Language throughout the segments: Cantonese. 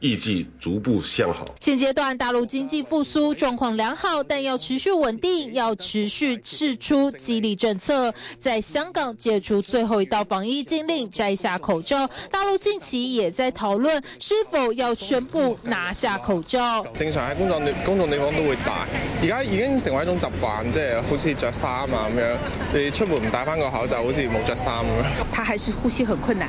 業績逐步向好。現階段大陸經濟復甦狀況良好，但要持續穩定，要持續釋出激勵政策。在香港解除最後一道防疫禁令，摘下口罩。大陸近期也在討論是否要宣布拿下口罩。正常喺工作工作地方都會戴，而家已經成為一種習慣，即係好似着衫啊咁樣。你出門唔戴返個口罩，好似冇着衫咁樣。他還是呼吸很困難。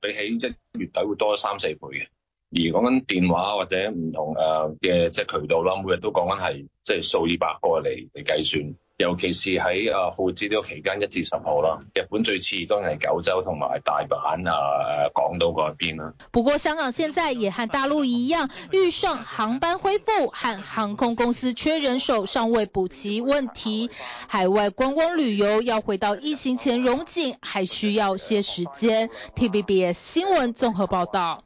比起一月底會多三四倍嘅，而講緊電話或者唔同誒嘅即係渠道啦，每日都講緊係即係數以百個嚟嚟計算。尤其是喺啊，富資料期間一至十號啦。日本最遲都係九州同埋大阪啊，廣島嗰邊啦。不過香港現在也和大陸一樣遇上航班恢復，和航空公司缺人手尚未補齊問題，海外觀光旅遊要回到疫情前榮景，還需要些時間。TVBS 新聞綜合報道。